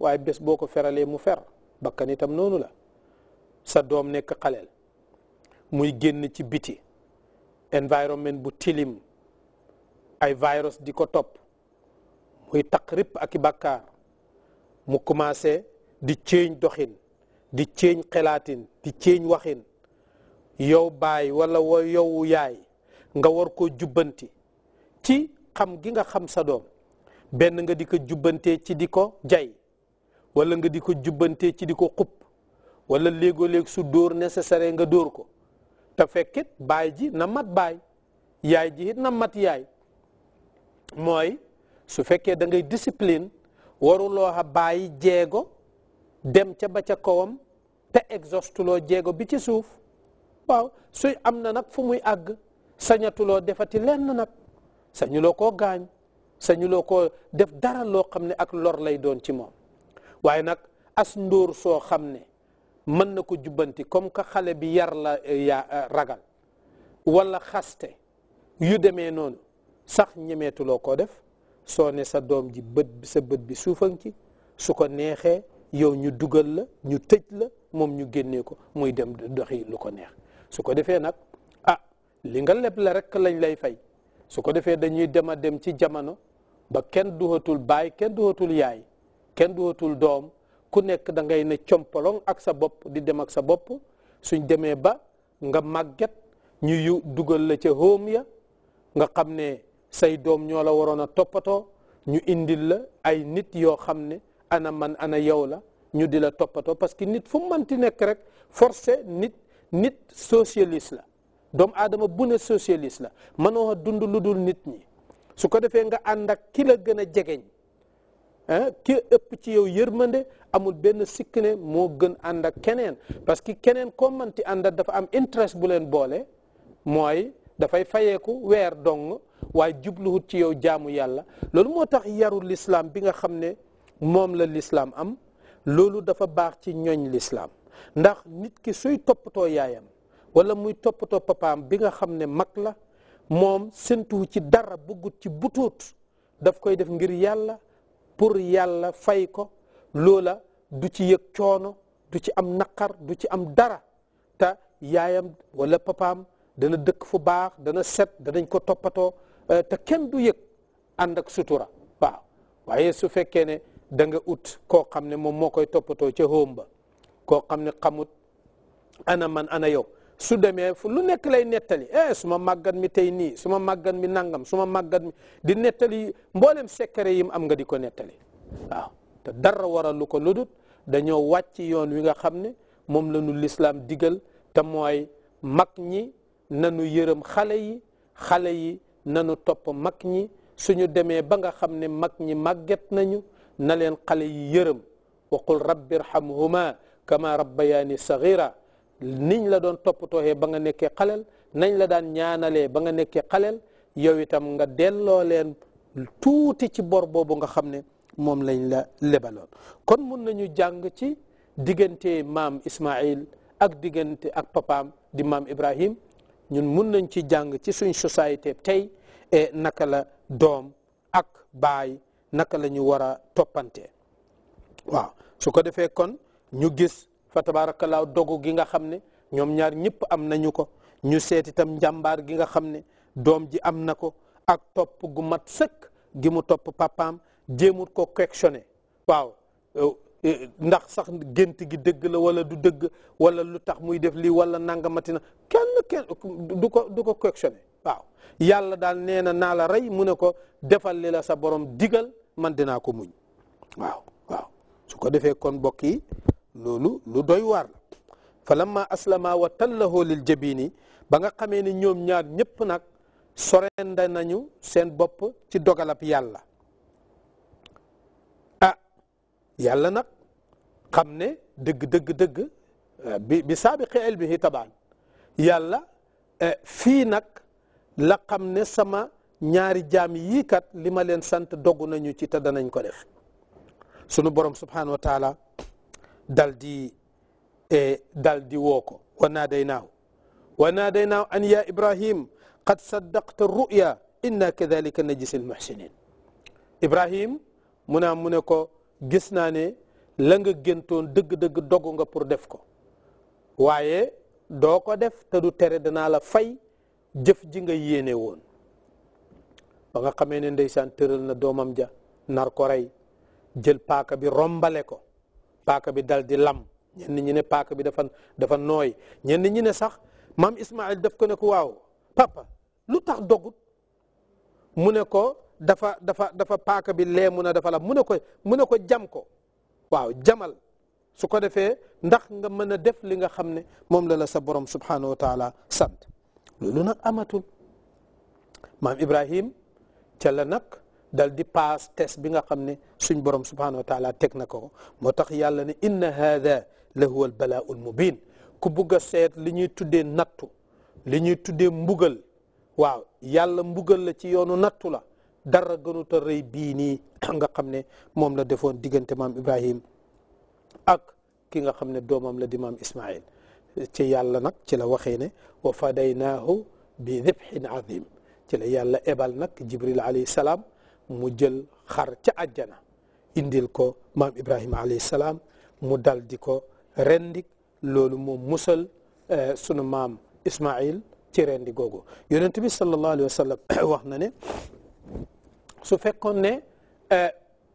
waaye bés boo ko feralee mu fer bakkan itam noonu la sa doom nekk xaleel muy génn ci biti environnement bu tilim ay virus di ko topp muy takk ripp ak i bàkkaar mu commencé di ceeñ doxin di ceeñ xelaatin di ceeñ waxin yow baay wala yow yaay nga war ko jubbanti ci xam gi nga xam sa doom benn nga di ko jubbantee ci di ko jay wala nga di ko jubbante ci di ko xub wala léegoo léeg su dóor nécessaire nga dóor ko te fekkit baay ji na mat baay yaay ji na mat yaay mooy su fekkee da ngay discipline waruloo xa bàyyi jéego dem ca ba ca kawam te exhaustuloo jéego bi ci suuf waaw suy am na nag fu muy àgg sañatuloo defati lenn nag sañuloo ko gaañ sañuloo ko def dara loo xam ne ak lor lay doon ci moom waaye nag as ndóor soo xam ne mën na ko jubbanti comme que xale bi yar la eh, yaa eh, ragal wala xaste yu demee noonu sax ñemeetuloo koo def soo ne sa doom ji bët sa bët bi suufan ci su ko neexee yow ñu dugal la ñu tëj la moom ñu génnee ko muy dem doxi lu ko neex su ko defee nag ah li nga leb la rek lañ lay fay su ko defee dañuy dem a dem ci jamono ba kenn duhatul bàyyi kenn duhatul yaay kenn dootul doom ku nekk da ngay ne compalong ak sa bopp di dem ak sa bopp suñ demee ba nga màgget ñu yu dugal la ca home ya nga xam ne say doom ñoo la waroon a toppatoo ñu indil la ay nit yoo xam ne ana man ana yow la ñu di la toppatoo parce que nit fu mu mënti nekk rek forcé nit nit socialiste la doom aadama bu ne socialiste la mënoo dund lu dul nit ñi su ko defee nga ànd ak ki la gën a jegeñ ke ëpp ci yow yërmande amul benn sikk ne moo gën ànd ak keneen parce que keneen koo mënti ànd ak dafa am interest bu leen boole mooy dafay fayeeku weer dong waaye jubluwut ci yow jaamu yàlla loolu moo tax yarul lislaam bi nga xam ne moom la lislaam am loolu dafa baax ci ñoñ lislaam ndax nit ki suy toppatoo yaayam wala muy toppatoo papaam bi nga xam ne mag la moom séntuwu ci dara bëggut ci butuut daf koy def ngir yàlla pour yàlla fay ko loola du ci yëg coono du ci am naqar du ci am dara te yaayam walla papaam dana dëkk fu baax dana set danañ ko toppatoo euh, te kenn du yëg ànd ak sutura waaw waaye su fekkee ne da ut koo xam ne moom moo koy toppatoo ca home ba koo xam ne xamut ana man ana yow su demee fu lu nekk lay nettali eh su ma màggat mi tey nii su ma màggat mi nangam su ma màggat mi di nettali mboolem secret yim am nga di ko nettali waaw te dara waral lu ko ludut dañoo wàcc yoon wi nga xam ne moom la ñu lislaam digal te mooy mag ñi nanu yërëm xale yi xale yi nanu topp mag ñi suñu demee ba nga xam ne mag ñi màgget nañu na leen xale yi yërëm waqul rabbi irhamhuma kama rabbayaani sagira niñ la doon toppatooyee ba nga nekkee xaleel nañ la daan ñaanalee ba nga nekkee xaleel yow itam nga delloo leen tuuti ci bor boobu nga xam ne moom lañ la lebaloon kon mun nañu jàng ci diggante maam Ismail ak diggante ak papaam di maam Ibrahim ñun mun nañ ci jàng ci suñ société tey e naka la doom ak baay naka la ñu war a toppante waaw su ko defee kon ñu gis fa tabaarakallaahu dogu gi nga xam ne ñoom ñaar ñëpp am nañu ko ñu seet itam njàmbaar gi nga xam ne doom ji am na ko ak topp gu mat sëkk gi mu topp papaam jéemut ko questionné waaw euh, euh, ndax sax gént gi dëgg la wala du dëgg walla lu tax muy def lii wala nangamati na kenn kenn du ko du ko questionné yàlla daal nee na naa la rey mu ne ko defal li la sa borom digal man dinaa ko muñ waaw waaw su ko defee kon mbokk yi loolu lu doy waar la fa lamma aslama wa lil jabini ba nga xamee ni ñoom ñaar ñépp nag sorenda nañu seen bopp ci dogalab yàlla ah yàlla nag xam ne dëgg dëgg dëgg eh, bi bi saabiqi ilmihi tabaan yàlla eh, fii nag la xam ne sama ñaari jaam yii kat li ma leen sant dogu nañu ci te danañ ko def sunu borom subhanahu wa daldi di e, dal di woo ko wa naadaynaahu wa naadaynaahu an yaa Ibrahim qad saddaqta ruya inna kadalika najisi almuxsinin Ibrahim mu naa mu ne ko gis naa ne la nga géntoon dëgg-dëgg dogu nga pour def ko waaye doo ko def te du tere danaa la fay jëf ji nga yéene woon ba nga xamee ne ndeysaan tëral na doomam ja nar ko rey jël paaka bi rombale ko paaka bi dal di lam ñenn ñi ne paaka bi dafa dafa nooy ñenn ñi ne sax maam Ismaayil daf ko ne ko waaw pappa lu tax dogut mu ne ko dafa dafa dafa paaka bi lee mun a dafa lam mu ne ko mu ne ko jam ko waaw jamal su ko defee ndax nga mën a def li nga xam ne moom la la sa borom subhanahu wa taala sant loolu nag amatul maam Ibrahim ca nag dal di paas test bi nga xam ne suñ borom subhanahu wa teg na ko moo tax yàlla ne in haada la huwa al balaaul ku bugg seet li ñuy tuddee nattu li ñuy tuddee mbugal waaw yàlla mbugal la ci yoonu nattu la dara gënut a bii nii nga xam ne moom la defoon diggante maam Ibrahim ak ki nga xam ne doomam la di maam Ismail ci yàlla nag ci la waxee ne wa fadaynaahu bi dibhin azim ci la yàlla ebal nag jibril alayhi salaam mu jël xar ca àjjana indil ko maam Ibrahima salaam mu daldi ko rendik loolu moom musal eh, sunu maam Ismail ci rendi googu yonent bi wax na ne su fekkoon ne eh,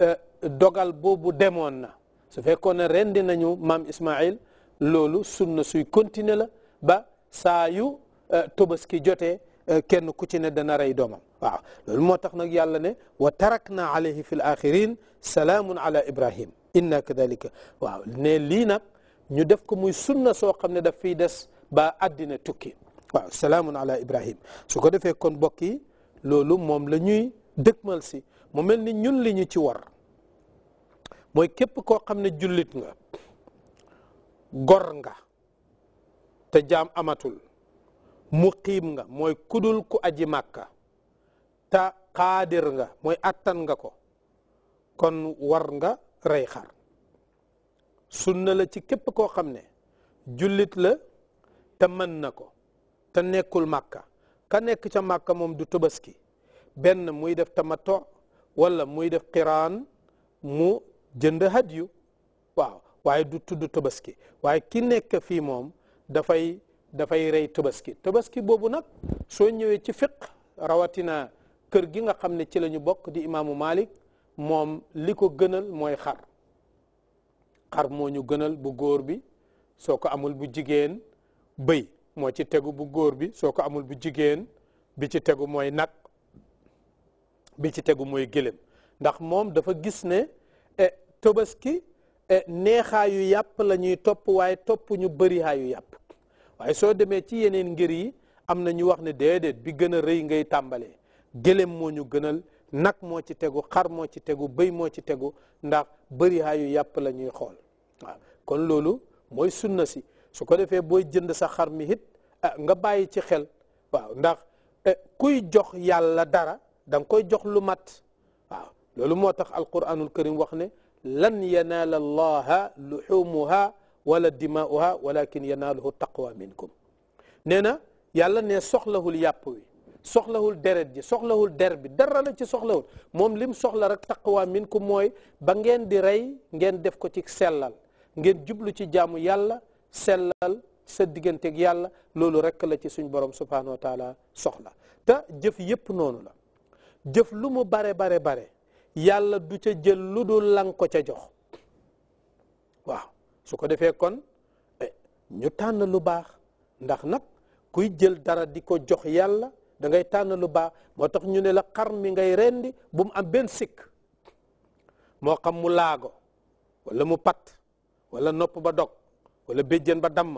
eh, dogal boobu demoon na su fekkoon ne rendi nañu maam Ismail loolu sunna suy continuer la ba saa yu Tabaski jotee kenn ku ci ne dana rey doomam loolu moo tax nag yàlla ne wa tarakna alayhi fi l axirin salaamun ala ibrahim inna kadalika waaw ne lii nag ñu def ko muy sunna soo xam ne daf fiy des ba àddina tukki waaw salaamun ala ibrahim su ko defee kon mbokk yi loolu moom la ñuy dëgmal si mu mel ni ñun li ñu ci war mooy képp koo xam ne jullit nga gor nga te jaam amatul muqiim nga mooy kudul ku aji makka ta xaadir nga mooy attan nga ko kon war nga rey xar sunna la ci képp koo xam ne jullit la te mën na ko ta nekkul màkka ka nekk ca màkka moom du tabaski benn muy def ta tamato walla muy def qiraan mu jënd hadyu waaw waaye du tudd tabaski waaye ki nekk fii moom dafay dafay rey tabaski tabaski boobu nag soo ñëwee ci fiq rawatina kër gi nga xam ne ci lañu bokk di imaamu Malik moom li ko gënal mooy xar xar moo ñu gënal bu góor bi soo ko amul bu jigéen bëy moo ci tegu bu góor bi soo ko amul bu jigéen bi ci tegu mooy nag bi ci tegu mooy gëlëm ndax moom dafa gis ne e, tabaski e, neexaayu yàpp lañuy topp waaye topp ñu bëri xaayu yàpp waaye soo demee ci yeneen ngir yi am na ñu wax ne déedéet bi gën a rëy ngay tàmbalee gëlem moo ñu gënal nag moo ci tegu xar moo ci tegu béy moo ci tegu ndax bëri haayu yàpp lañuy xool waaw kon loolu mooy sunna si su ko defee booy jënd sa xar mi it ah, nga bàyyi ci xel waaw ndax eh, kuy jox yàlla dara danga koy jox lu mat waaw loolu moo tax alquranul karim wax ne lan yanaala allaha luxumuha wala dimaauha walakin yanaaluhu taqwa minkum nee na yàlla ne soxlawul yàpp wi soxlawul deret ji soxlawul der bi dara la ci soxlawul moom lim soxla rek taqwa minkum mooy ba ngeen di rey ngeen def ko ci sellal ngeen jublu ci jaamu yàlla sellal sa digganteeg yàlla loolu rek la ci suñ borom subhanahu wa soxla te jëf yépp noonu la jëf lu mu bare bare bare yàlla du ca jël lu dul lang ko ca jox su ko defee kon eh, ñu tànn lu baax ndax nag kuy jël dara di ko jox yàlla dangay tànn lu baax moo tax ñu ne la xar mi ngay rendi bu mu am benn sikk moo xam mu laago wala mu pat wala nopp ba dog wala béjjén ba damm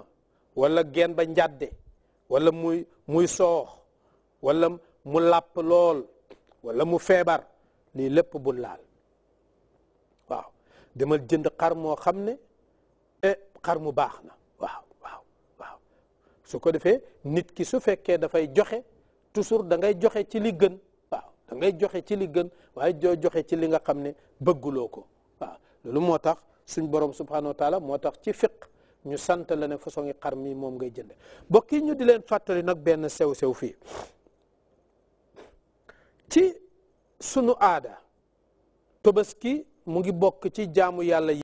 wala gen ba njàdde wala muy muy soox wala mu làpp lool wala mu feebar lii lépp bu laal waaw demal jënd xar moo xam ne Eh, xar mu baax na waaw waaw waaw su ko defee nit ki su fekkee dafay joxe toujours dangay joxe ci li gën waaw da joxe ci li gën waaye doo joxe ci li nga xam ne bëgguloo ko waaw loolu moo tax suñ borom subhanahu wa moo tax ci fiq ñu sant la ne façon yi xar mi moom ngay jënd bokk yi ñu di leen fàttali nag benn sew-sew fii ci sunu aada tobaski mu ngi bokk ci jaamu yàlla